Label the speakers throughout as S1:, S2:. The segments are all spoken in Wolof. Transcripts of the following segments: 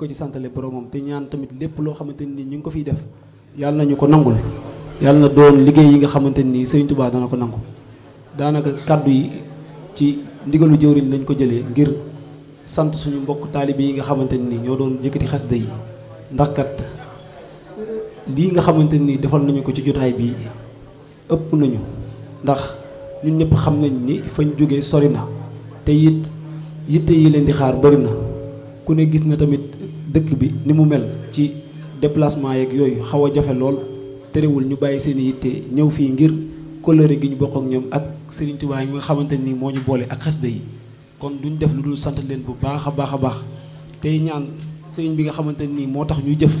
S1: ko ci santale boromam te ñaan tamit lépp loo xamante ni ñu ngi ko fiy def yàlla nañu ko nangul yàlla na doon liggéey yi nga xamante nii Sëriñ Tuubaa dana ko nangu daanaka kàddu yi ci ndigalu jëwriñ lañ ko jëlee ngir sant suñu mbokk taalibe yi nga xamante nii ñoo doon yëkkati xasida yi ndax kat lii nga xamante nii defal nañu ko ci jotaay bi ëpp nañu ndax ñun ñëpp xam nañ ni fañ jógee sori na te it yitte yi leen di xaar bari na ku ne gis na tamit dëkk bi ni mu mel ci déplacement yeeg yooyu xaw a jafe lool terewul ñu bàyyi seen i yitte ñëw fii ngir kóllëre gi ñu bokk ak ñoom ak sëriñ Touba yi nga xamante ni moo ñu boole ak kon duñ def lu dul sant leen bu baax a baax a baax tey ñaan Serigne bi nga xamante nii moo tax ñu jëf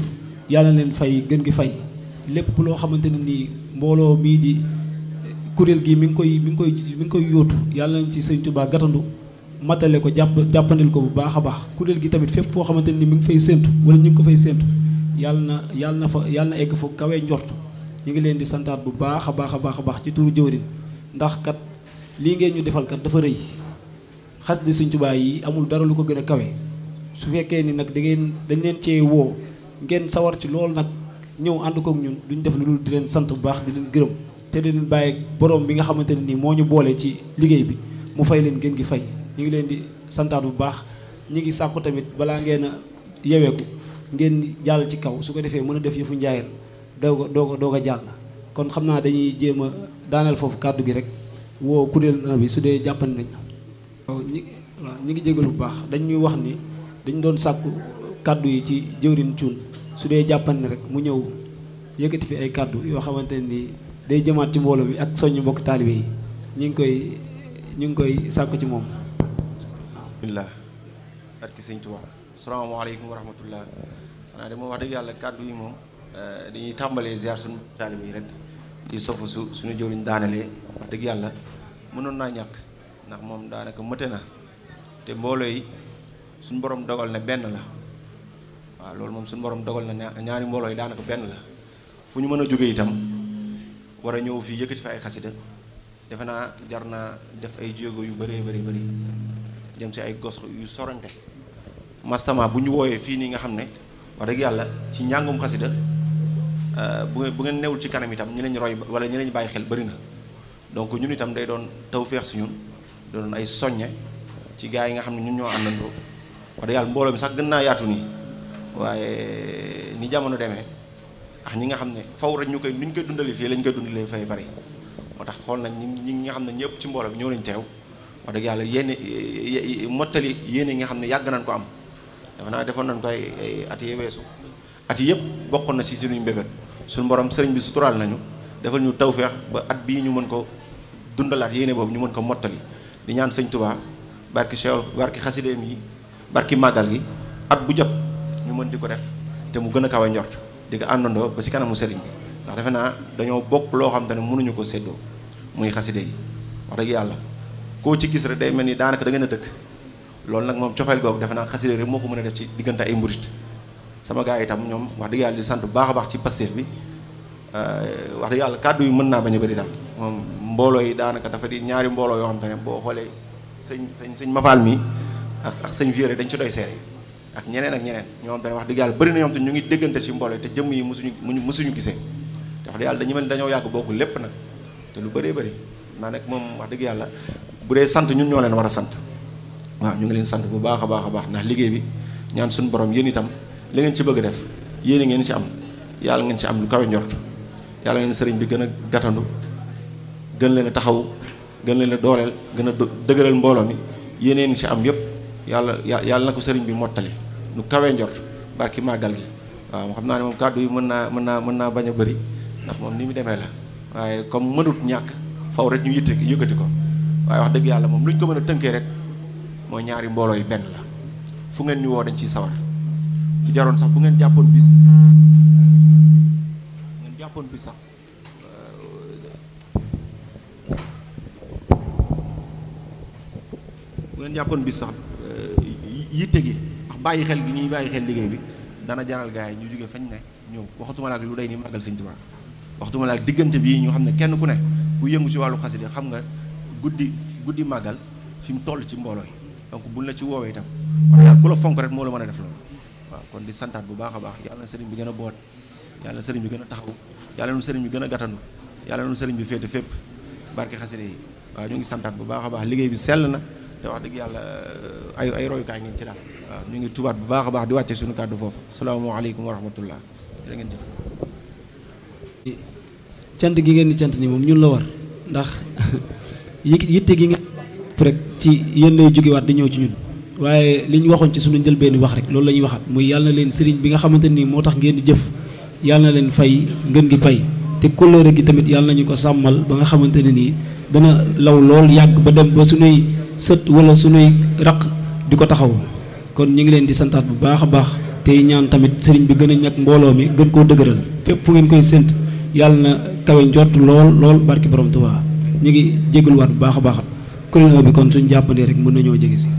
S1: yàlla leen fay gën gi fay lépp loo xamante ne nii mbooloo mii di kuréel gi mi ngi koy mi ngi koy mi ngi koy yóotu yàlla nañ ci Serigne Touba gàttandu matale ko jàpp jàppandil ko bu baax a baax kuréel gi tamit fépp foo xamante ni mu ngi fay séentu wala ñu ngi ko fay séentu yàlla na yàlla na fa yàlla na egg fa kawee njort ñu ngi leen di santaat bu baax a baax a baax a baax ci turu jëwriñ ndax kat lii ngeen ñu defal kat dafa rëy xas di Sëñ Tuubaa yi amul dara lu ko gën a kawe su fekkee ni nag da ngeen dañ leen ci woo ngeen sawar ci loolu nag ñëw ànd kook ñun duñ def lu dul di leen sant bu baax di leen gërëm te leen bàyyi borom bi nga xamante ne nii moo ñu boole ci liggéey bi mu fay leen gën gi fay ñu ngi leen di santaat bu baax ñu ngi sàkku tamit balaa ngeen a yeweeku ngeen jàll ci kaw su ko defee mën a def yëfu njaayeen doo ko doo ko jàll kon xam naa dañuy jéem a daaneel foofu kàddu gi rek woo kuréel 1 bi su dee jàppandi nañ ñi ngi jégalu bu baax dañuy wax ni dañ doon sàkku kàddu yi ci jëwrin cuun su dee jàppandi rek mu ñëw yëkkati fi ay kàddu yoo xamante ni day jëmaat ci mbooloo bi ak soññ mbokk taalibe yi ñu ngi koy ñu ngi koy sàkku ci moom bismillah
S2: barki sëñ Tuubaa asalaamaaleykum wa rahmatullah xanaa de wax dëgg yàlla kàddu yi moom eh, dañuy tàmbalee ziar suñu taalib yi rek di sofu su suñu jëwriñ daanalee wax dëgg yàlla mënoon naa ñàkk ndax moom daanaka mëte na te mbooloo yi suñu borom dogal na benn la waaw loolu moom suñu borom dogal na ñaari mbooloo yi daanaka benn la fu ñu mën a jógee itam war a ñëw fii yëkkati fa ay xasida defe naa jar naa def ay jéego yu bëree bëri bëri jëm si ay gos yu sorante mastama bu ñu wooyee fii nii nga xam ne wax dëgg yàlla ci njàngum xasida euh, bu bu ngeen newul ci kanam itam ñu leen roy wala ñu leen bàyyi xel bari na donc ñun itam day doon feex si ñun doon ay soññe ci gaa yi nga xam ne ñun ñoo àndandoo wax dëgg yàlla mbooloo mi sax gën naa yaatu nii waaye ni jamono demee ax ñi nga xam ne faw rek ñu koy nuñ koy dundalee fii lañ koy dundalee fay bari moo tax xool nañ ñi ñi nga xam ne ñëpp ci mbooloo bi ñëw nañ teew wax dëgg yàlla yéen mottali yéen yi nga xam ne yàgg nañ ko am dafa naa defoon nañ ko ay at yee weesu at yëpp bokkoon na si suñuy mbébét suñu borom sëriñ bi suturaal nañu defal ñu tawféex ba at bii ñu mën ko dundalaat yéene boobu ñu mën ko mottali di ñaan sëñ Tuubaa barki Cheikh barki xasideem yi barki màggal gi at bu jot ñu mën di ko def te mu gën a kaw a njort di ko àndandoo ba si kanamu sëriñ bi ndax defe naa dañoo bokk loo xam te ne mënuñu ko séddoo muy xaside yi yàlla koo ci gis rek day mel ni daanaka da ngeen a dëkk loolu nag moom cofeel googu defe naa xasida rek moo ko mën a def ci diggante ay murit sama gars yi itam ñoom wax dëgg yàlla di bu baax a baax ci Pastef bi euh, wax yàlla kàddu yi mën naa bañ a bëri daal moom mbooloo yi daanaka dafa di ñaari mbooloo yoo xam ne boo xoolee sëñ sëñ sëñ mafaal mi ak sëñ viére dañ ci doy seere ak ñeneen ak ñeneen ñoo xam wax dëgg yàlla na ñoom ñu ngi déggante ci mbooloo te jëmm yi musuñu muñu musuñu gisee te yàlla dañu mel dañoo yàgg bokku lépp nag te lu bëree bëri naa nag moom wax dëgg yàlla bu dee sant ñun ñoo leen war a sant waaw ñu ngi leen sant bu baax a baax a baax ndax liggéey bi ñaan suñu borom yéen itam li ngeen ci bëgg def yéen ngeen ci am yàlla ngeen ci am lu kawe njort yàlla ngeen sëriñ bi gën a gàttandu gën leen a taxaw gën leen a dooleel gën a dëgëral mbooloo mi yéeneen ci am yëpp yàlla yàlla na ko sëriñ bi mottali lu kawe njort barki màggal gi waaw xam naa ne moom kàddu yi mën naa mën naa mën naa bañ a bari ndax moom ni mu demee la waaye comme mënut ñàkk faw rek ñu yitte yëkkati ko waaye wax dëgg yàlla moom lu ñu ko mën a tënkee rek mooy ñaari mbooloo yi benn la fu ngeen ñu woo dañ ciy sawar jaroon sax bu ngeen jàppoon bis jàppoon bis sax bu ngeen jàppoon sax eh, yitte gi ndax bàyyi xel gi ñuy bàyyi xel liggéey bi dana jaral gaa yi ñu jóge fañ ne ñëw waxatuma laal lu day ni màggal Sëñ Tuubaa waxatuma laal diggante bii ñu xam ne kenn ku ne ku yëngu ci wàllu xasida xam nga guddi guddi màggal fi mu toll ci mbooloo yi donc buñ la ci woowee tam kon ku la fonk rek moo la mën a def loolu waaw kon di santaat bu baax a baax yàlla na sëriñ bi gën a boot yàlla na sëriñ bi gën a taxaw yàlla na sëriñ bi gën a gàttanu yàlla na sëriñ bi féete fépp barke xaside yi waaw ñu ngi santaat bu baax a baax liggéey bi sell na te wax dëgg yàlla ay ay royukaay ngeen ci daal waaw ñu ngi tubaat bu baax a baax di wàcce suñu kàddu foofu salaamu wa rahmatullah
S1: jërë ngeen jëf cant gi ngeen di ni la war ndax yitte gi nga rek ci yéen lay jógewaat di ñëw ci ñun waaye li ñu waxoon ci suñu njëlbeen wax rek loolu lañuy ñuy waxaat muy yàlla leen sëriñ bi nga xamante nii moo tax ngeen di jëf leen fay ngën gi fay te kóllëre gi tamit yàlla nañu ko sàmmal ba nga xamante ne nii dana law lool yàgg ba dem ba suñuy sët wala suñuy raq di ko taxaw kon ñu ngi leen di santaat bu baax a baax tey ñaan tamit sëriñ bi gën a ñàkk mbooloo mi gën koo dëgëral fépp fu ngeen koy sént yàlla na kawe njott lool lool barki borom Tuubaa ñu ngi jégaluwaat bu baax a baax kuréel bi kon suñ jàppandee rek mën nañoo jege si.